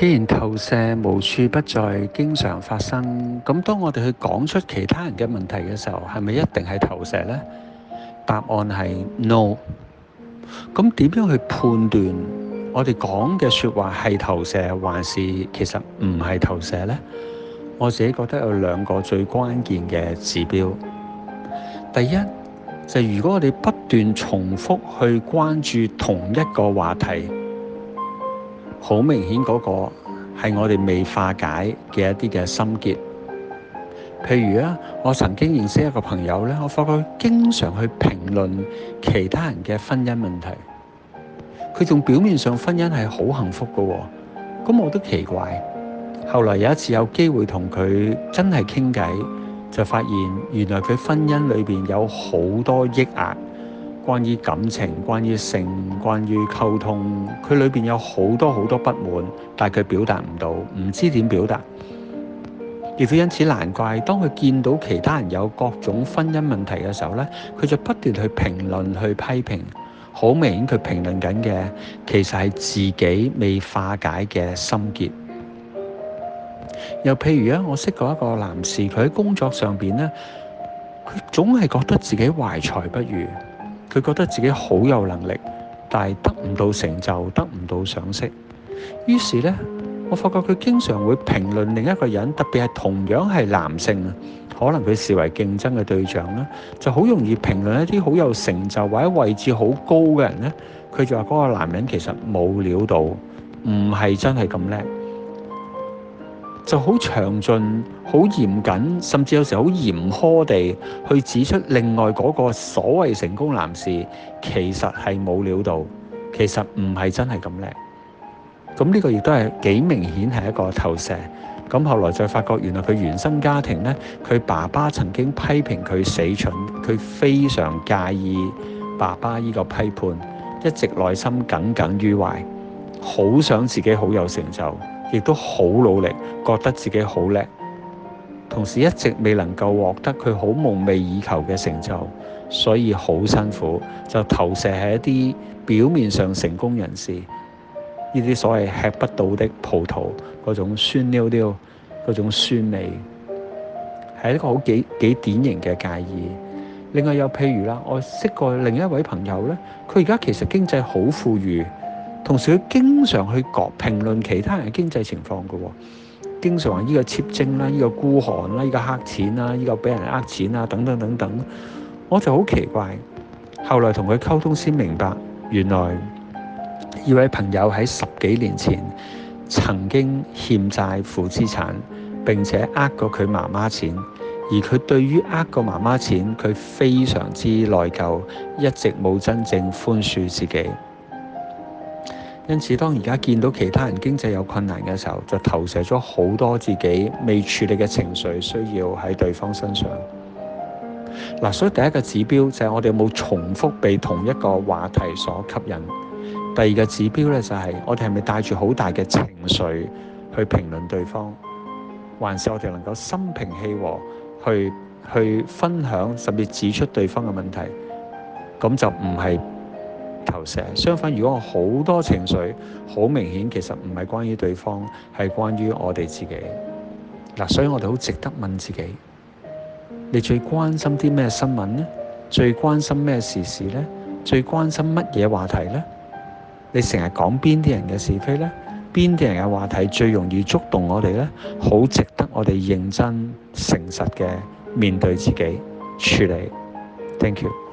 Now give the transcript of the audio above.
既然投射無處不在，經常發生，咁當我哋去講出其他人嘅問題嘅時候，係咪一定係投射呢？答案係 No。咁點樣去判斷我哋講嘅說話係投射，還是其實唔係投射呢？我自己覺得有兩個最關鍵嘅指標。第一就係如果我哋不斷重複去關注同一個話題。好明顯嗰個係我哋未化解嘅一啲嘅心結。譬如呀，我曾經認識一個朋友咧，我發覺佢經常去評論其他人嘅婚姻問題，佢仲表面上婚姻係好幸福㗎喎。咁我都奇怪。後來有一次有機會同佢真係傾偈，就發現原來佢婚姻裏邊有好多抑壓。關於感情、關於性、關於溝通，佢裏邊有好多好多不滿，但係佢表達唔到，唔知點表達。亦都因此難怪，當佢見到其他人有各種婚姻問題嘅時候咧，佢就不斷去評論、去批評。好明顯，佢評論緊嘅其實係自己未化解嘅心結。又譬如咧，我識過一個男士，佢喺工作上邊咧，佢總係覺得自己懷才不遇。佢覺得自己好有能力，但係得唔到成就，得唔到賞識。於是呢，我發覺佢經常會評論另一個人，特別係同樣係男性啊，可能佢視為競爭嘅對象咧，就好容易評論一啲好有成就或者位置好高嘅人呢，佢就話嗰個男人其實冇料到，唔係真係咁叻。就好詳盡、好嚴謹，甚至有時候好嚴苛地去指出另外嗰個所謂成功男士，其實係冇料到，其實唔係真係咁叻。咁呢個亦都係幾明顯係一個投射。咁後來再發覺，原來佢原生家庭呢，佢爸爸曾經批評佢死蠢，佢非常介意爸爸呢個批判，一直內心耿耿於懷，好想自己好有成就。亦都好努力，覺得自己好叻，同時一直未能夠獲得佢好夢寐以求嘅成就，所以好辛苦，就投射喺一啲表面上成功人士，呢啲所謂吃不到的葡萄，嗰種酸溜溜，嗰種酸味，係一個好幾幾典型嘅介意。另外又譬如啦，我識過另一位朋友呢，佢而家其實經濟好富裕。同時，佢經常去評論其他人經濟情況嘅喎，經常話呢個慳精啦、呢個孤寒啦、呢個黑錢啦、呢個俾人呃錢啦，等等等等。我就好奇怪，後來同佢溝通先明白，原來呢位朋友喺十幾年前曾經欠債負資產，並且呃過佢媽媽錢，而佢對於呃過媽媽錢，佢非常之內疚，一直冇真正寬恕自己。因此，當而家見到其他人經濟有困難嘅時候，就投射咗好多自己未處理嘅情緒，需要喺對方身上。嗱，所以第一個指標就係我哋有冇重複被同一個話題所吸引；第二個指標咧就係我哋係咪帶住好大嘅情緒去評論對方，還是我哋能夠心平氣和去去分享，甚至指出對方嘅問題，咁就唔係。投射相反，如果我好多情緒，好明顯，其實唔係關於對方，係關於我哋自己。嗱，所以我哋好值得問自己：你最關心啲咩新聞呢？最關心咩時事呢？最關心乜嘢話題呢？你成日講邊啲人嘅是非呢？邊啲人嘅話題最容易觸動我哋呢？好值得我哋認真誠實嘅面對自己處理。Thank you。